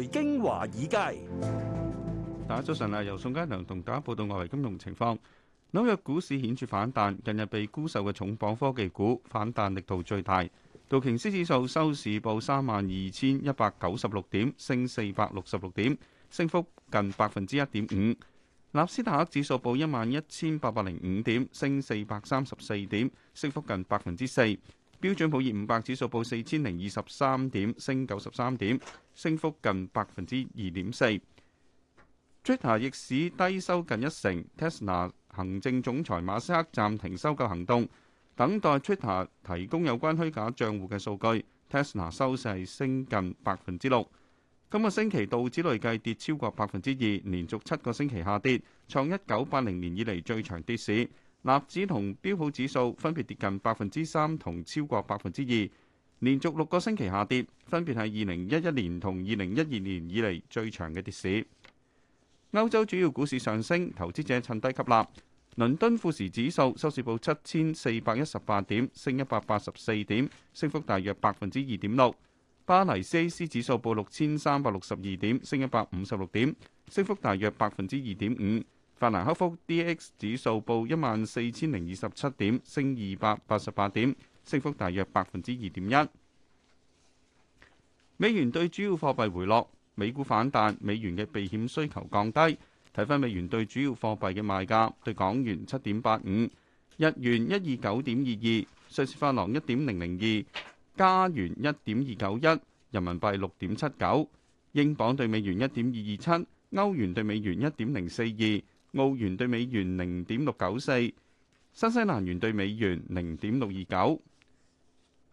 財經華爾街，大家早晨啊！由宋佳良同大家報道外圍金融情況。紐約股市顯著反彈，近日被沽售嘅重磅科技股反彈力度最大。道瓊斯指數收市報三萬二千一百九十六點，升四百六十六點，升幅近百分之一點五。納斯達克指數報一萬一千八百零五點，升四百三十四點，升幅近百分之四。標準普爾五百指數報四千零二十三點，升九十三點，升幅近百分之二點四。Twitter 逆市低收近一成，Tesla 行政總裁馬斯克暫停收購行動，等待 Twitter 提供有關虛假帳戶嘅數據。Tesla 收勢升近百分之六。今個星期道指累計跌超過百分之二，連續七個星期下跌，創一九八零年以嚟最長跌市。納指同標普指數分別跌近百分之三同超過百分之二，連續六個星期下跌，分別係二零一一年同二零一二年以嚟最長嘅跌市。歐洲主要股市上升，投資者趁低吸納。倫敦富時指數收市報七千四百一十八點，升一百八十四點，升幅大約百分之二點六。巴黎 CAC 指數報六千三百六十二點，升一百五十六點，升幅大約百分之二點五。法蘭克福 DAX 指數報一萬四千零二十七點，升二百八十八點，升幅大約百分之二點一。美元對主要貨幣回落，美股反彈，美元嘅避險需求降低。睇翻美元對主要貨幣嘅賣價，對港元七點八五，日元一二九點二二，瑞士法郎一點零零二，加元一點二九一，人民幣六點七九，英鎊對美元一點二二七，歐元對美元一點零四二。澳元兌美元零點六九四，新西蘭元兌美元零點六二九，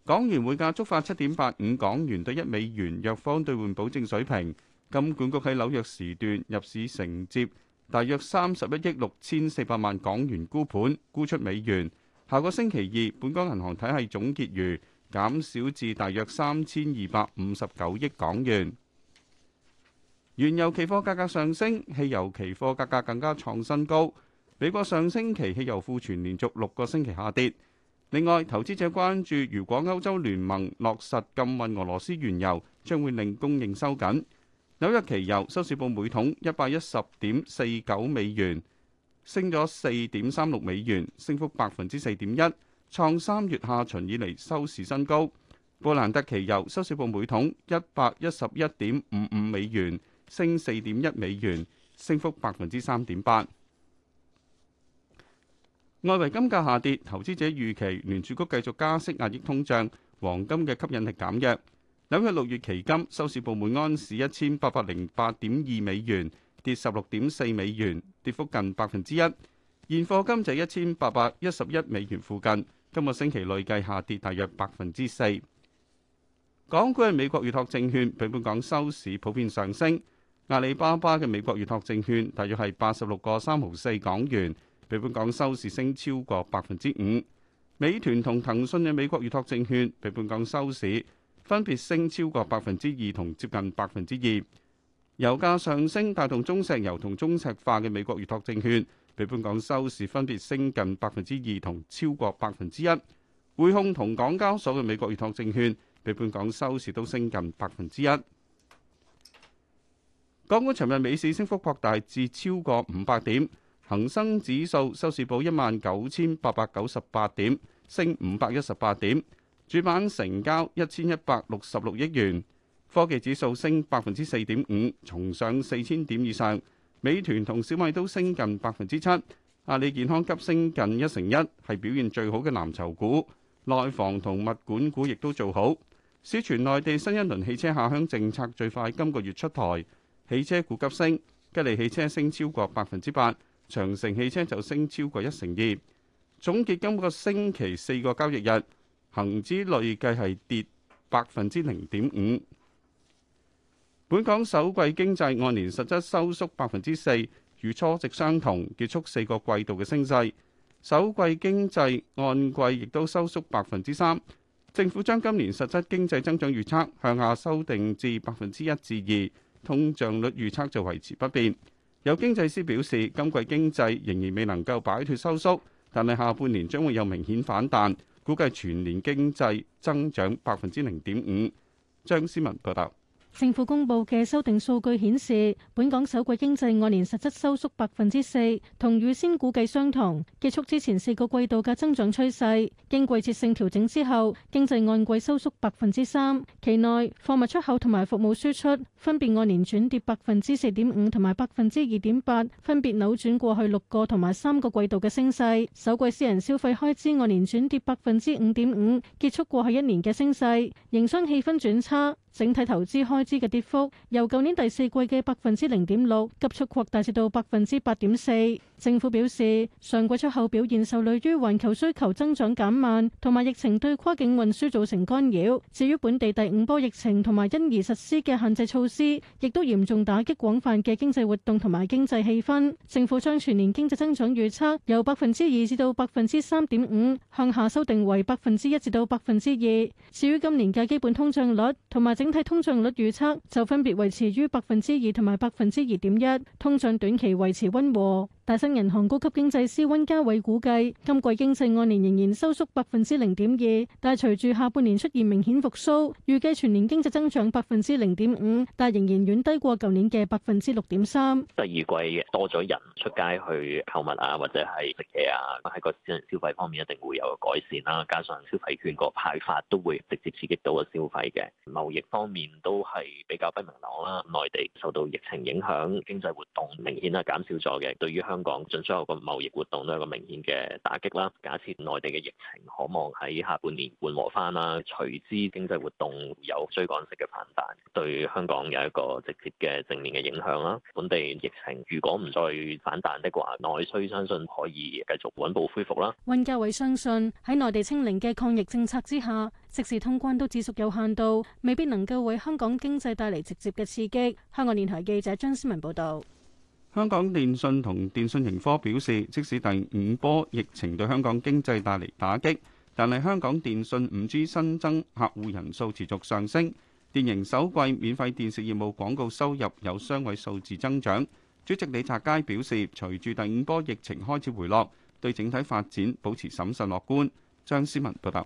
港元匯價觸發七點八五港元兌一美元弱方兌換保證水平。金管局喺紐約時段入市承接大約三十一億六千四百萬港元沽盤，沽出美元。下個星期二，本港銀行體系總結餘減少至大約三千二百五十九億港元。原油期貨價格上升，汽油期貨價格更加創新高。美國上星期汽油庫存連續六個星期下跌。另外，投資者關注如果歐洲聯盟落實禁運俄羅斯原油，將會令供應收緊。紐約期油收市報每桶一百一十點四九美元，升咗四點三六美元，升幅百分之四點一，創三月下旬以嚟收市新高。布蘭特期油收市報每桶一百一十一點五五美元。升四點一美元，升幅百分之三點八。外圍金價下跌，投資者預期聯儲局繼續加息壓抑通脹，黃金嘅吸引力減弱。紐約六月期金收市報每安士一千八百零八點二美元，跌十六點四美元，跌幅近百分之一。現貨金就一千八百一十一美元附近，今個星期累計下跌大約百分之四。港股係美國預託證券，比本港收市普遍上升。阿里巴巴嘅美國預託證券大約係八十六個三毫四港元，比本港收市升超過百分之五。美團同騰訊嘅美國預託證券比本港收市分別升超過百分之二同接近百分之二。油價上升帶動中石油同中石化嘅美國預託證券比本港收市分別升近百分之二同超過百分之一。匯控同港交所嘅美國預託證券比本港收市都升近百分之一。港股尋日美市升幅擴大至超過五百點，恒生指數收市報一萬九千八百九十八點，升五百一十八點，主板成交一千一百六十六億元。科技指數升百分之四點五，重上四千點以上。美團同小米都升近百分之七，阿里健康急升近一成一，係表現最好嘅藍籌股。內房同物管股亦都做好。市傳內地新一輪汽車下鄉政策最快今個月出台。汽車股急升，吉利汽車升超過百分之八，長城汽車就升超過一成二。總結今個星期四個交易日，恒指累計係跌百分之零點五。本港首季經濟按年實質收縮百分之四，與初值相同，結束四個季度嘅升勢。首季經濟按季亦都收縮百分之三。政府將今年實質經濟增長預測向下修訂至百分之一至二。通脹率預測就維持不變。有經濟師表示，今季經濟仍然未能夠擺脱收縮，但係下半年將會有明顯反彈，估計全年經濟增長百分之零點五。張思文報道。政府公布嘅修訂數據顯示，本港首季經濟按年實質收縮百分之四，同預先估計相同，結束之前四個季度嘅增長趨勢，經季節性調整之後，經濟按季收縮百分之三。期內貨物出口同埋服務輸出分別按年轉跌百分之四點五同埋百分之二點八，分別扭轉過去六個同埋三個季度嘅升勢。首季私人消費開支按年轉跌百分之五點五，結束過去一年嘅升勢，營商氣氛轉差。整體投資開支嘅跌幅由舊年第四季嘅百分之零點六急速擴大至到百分之八點四。政府表示，上季出口表現受累於環球需求增長減慢，同埋疫情對跨境運輸造成干擾。至於本地第五波疫情同埋因而實施嘅限制措施，亦都嚴重打擊廣泛嘅經濟活動同埋經濟氣氛。政府將全年經濟增長預測由百分之二至到百分之三點五，向下修訂為百分之一至到百分之二。至於今年嘅基本通脹率，同埋。整體通脹率預測就分別維持於百分之二同埋百分之二點一，通脹短期維持溫和。大新銀行高級經濟師温家偉估計，今季經濟按年仍然收縮百分之零點二，但係隨住下半年出現明顯復甦，預計全年經濟增長百分之零點五，但仍然遠低過舊年嘅百分之六點三。第二季多咗人出街去購物啊，或者係食嘢啊，喺個私人消費方面一定會有改善啦、啊。加上消費券個派發都會直接刺激到個消費嘅。貿易方面都係比較不明朗啦、啊。內地受到疫情影響，經濟活動明顯係減少咗嘅。對於香香港進出口個貿易活動都有個明顯嘅打擊啦。假設內地嘅疫情可望喺下半年緩和翻啦，隨之經濟活動有追趕式嘅反彈，對香港有一個直接嘅正面嘅影響啦。本地疫情如果唔再反彈的話，內需相信可以繼續穩步恢復啦。韋家委相信喺內地清零嘅抗疫政策之下，即使通關都只屬有限度，未必能夠為香港經濟帶嚟直接嘅刺激。香港電台記者張思文報道。香港電訊同電訊盈科表示，即使第五波疫情對香港經濟帶嚟打擊，但係香港電訊 5G 新增客戶人數持續上升，電盈首季免費電視業務廣告收入有雙位數字增長。主席李澤楷表示，隨住第五波疫情開始回落，對整體發展保持審慎樂觀。張思文報道。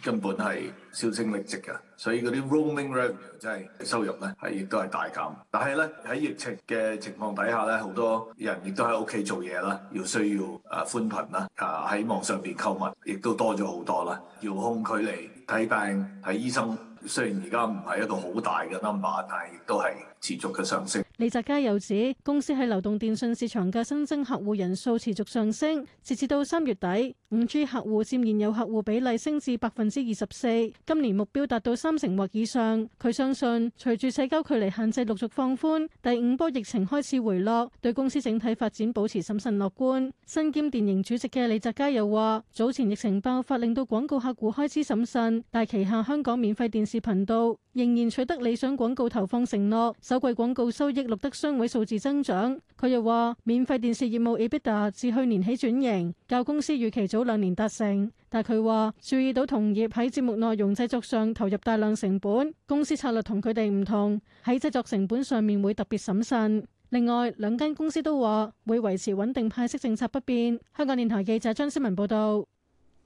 根本係銷聲匿跡㗎，所以嗰啲 roaming revenue 真係收入咧係亦都係大減。但係咧喺疫情嘅情況底下咧，好多人亦都喺屋企做嘢啦，要需要啊寬頻啦啊喺網上邊購物亦都多咗好多啦，遙控距離睇病睇醫生，雖然而家唔係一個好大嘅 number，但係亦都係。持續嘅上升。李澤楷又指，公司喺流動電信市場嘅新增客戶人數持續上升，截至到三月底 5G 客戶佔現有客戶比例升至百分之二十四。今年目標達到三成或以上。佢相信，隨住社交距離限制陸續放寬，第五波疫情開始回落，對公司整體發展保持審慎樂觀。身兼電盈主席嘅李澤楷又話，早前疫情爆發令到廣告客戶開始審慎，但旗下香港免費電視頻道。仍然取得理想廣告投放承諾，首季廣告收益錄得雙位數字增長。佢又話：免費電視業務 EBITDA 自去年起轉型，較公司預期早兩年達成。但佢話注意到同業喺節目內容製作上投入大量成本，公司策略同佢哋唔同，喺製作成本上面會特別審慎。另外兩間公司都話會維持穩定派息政策不變。香港電台記者張思文報道。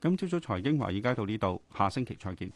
今朝早財經華爾街到呢度，下星期再見。